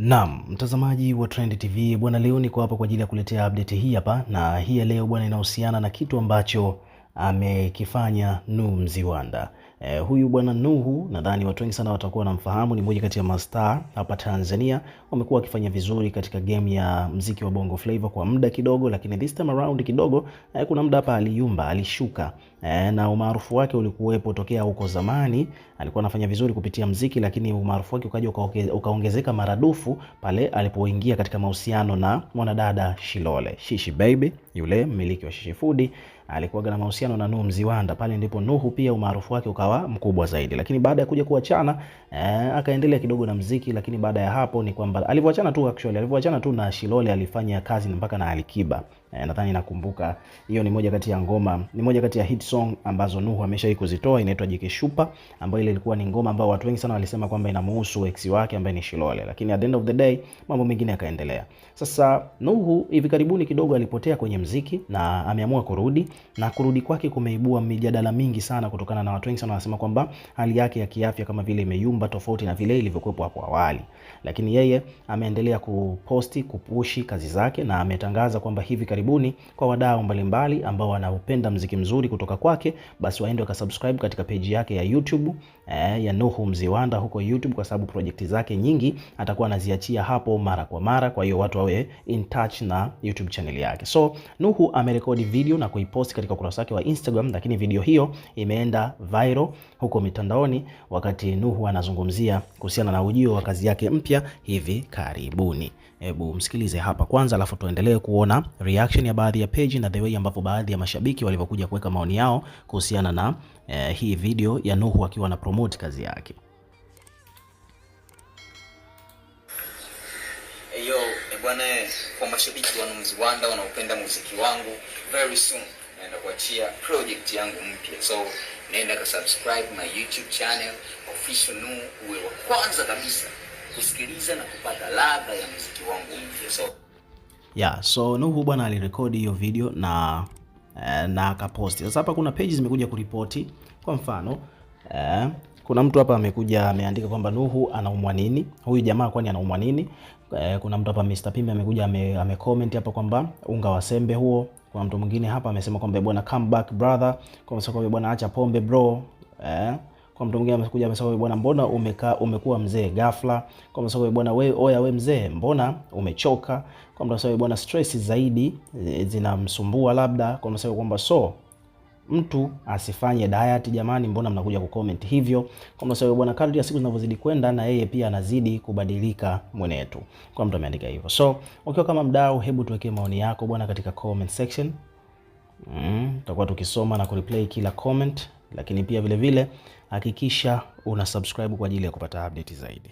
Naam, mtazamaji wa Trend TV bwana, leo niko hapa kwa ajili ya kuletea update hii hapa, na hii ya leo bwana inahusiana na kitu ambacho amekifanya Nu Mziwanda. Eh, huyu bwana Nuhu nadhani watu wengi sana watakuwa wanamfahamu, ni mmoja kati ya mastaa hapa Tanzania, wamekuwa wakifanya vizuri katika game ya mziki wa Bongo Flava kwa muda kidogo, lakini this time around kidogo eh, kuna muda hapa aliyumba, alishuka eh, na umaarufu wake ulikuwepo tokea huko zamani, alikuwa anafanya vizuri kupitia mziki, lakini umaarufu wake ukaja ukaongezeka maradufu pale alipoingia katika mahusiano na mwanadada Shilole Shishi Baby, yule mmiliki wa Shishi Food, alikuwa na mahusiano na Nuhu Mziwanda. Pale ndipo Nuhu pia umaarufu wake uka ukawa mkubwa zaidi, lakini baada ya kuja kuachana eh, akaendelea kidogo na mziki, lakini baada ya hapo ni kwamba alivyoachana tu, actually alivyoachana tu na Shilole alifanya kazi mpaka na Alikiba. E, nadhani nakumbuka hiyo ni moja kati ya ngoma, ni moja kati ya hit song ambazo Nuhu ameshawahi kuzitoa, inaitwa Jikishupa, ambayo ile ilikuwa ni ngoma ambayo watu wengi sana walisema kwamba inamuhusu ex wake ambaye ni Shilole, lakini at the end of the day mambo mengine yakaendelea. Sasa Nuhu hivi karibuni kidogo alipotea kwenye mziki na ameamua kurudi, na kurudi kwake kumeibua mijadala mingi sana, kutokana na watu wengi sana wanasema kwamba hali yake ya kiafya kama vile imeyumba, tofauti na vile ilivyokuwepo hapo awali, lakini yeye ameendelea kuposti, kupushi kazi zake na ametangaza kwamba hivi karibuni kwa wadau mbalimbali ambao wanaupenda mziki mzuri kutoka kwake, basi waende wakasubscribe katika peji yake ya YouTube eh, ya Nuhu Mziwanda huko YouTube, kwa sababu projekti zake nyingi atakuwa anaziachia hapo mara kwa mara. Kwa hiyo watu wawe in touch na YouTube channel yake. So Nuhu amerekodi video na kuiposti katika ukurasa wake wa Instagram, lakini video hiyo imeenda viral huko mitandaoni, wakati Nuhu anazungumzia kuhusiana na ujio wa kazi yake mpya hivi karibuni. Hebu msikilize hapa kwanza, alafu tuendelee kuona reaction reaction ya baadhi ya page na the way ambavyo baadhi ya mashabiki walivyokuja kuweka maoni yao kuhusiana na eh, hii video ya Nuhu akiwa na promote kazi yake. Hey yo, e bwana, eh, kwa mashabiki wa Nuhu Ziwanda wanaopenda muziki wangu, very soon naenda kuachia project yangu mpya, so naenda ka subscribe my YouTube channel official Nuhu, uwe wa kwanza kabisa kusikiliza na kupata ladha ya muziki wangu mpya so yeah, so Nuhu bwana alirekodi hiyo video na eh, na akaposti. Sasa hapa kuna pages zimekuja kuripoti, kwa mfano eh, kuna mtu hapa amekuja ameandika kwamba Nuhu anaumwa nini? Huyu jamaa kwani anaumwa nini? Eh, kuna mtu hapa Mr Pimbe amekuja ame, ame comment hapa kwamba unga wa sembe huo. Kuna mtu mwingine hapa amesema kwamba bwana come back brother, kwa sababu bwana acha pombe bro eh kwa mtu mwingine amekuja amesema, bwana, mbona umekaa umekuwa mzee ghafla? Kwa mtu mwingine bwana, wewe oya, wewe mzee, mbona umechoka? Kwa mtu mwingine bwana, stress zaidi e, zinamsumbua labda. Kwa mtu kwamba so mtu asifanye diet jamani, mbona mnakuja ku comment hivyo? Kwa mtu mwingine bwana, kadri ya siku zinavyozidi kwenda na yeye pia anazidi kubadilika mwenetu. Kwa mtu ameandika hivyo. So ukiwa kama mdau, hebu tuweke maoni yako bwana katika comment section. Mm, tutakuwa tukisoma na kureplay kila comment lakini pia vilevile hakikisha una subscribe kwa ajili ya kupata update zaidi.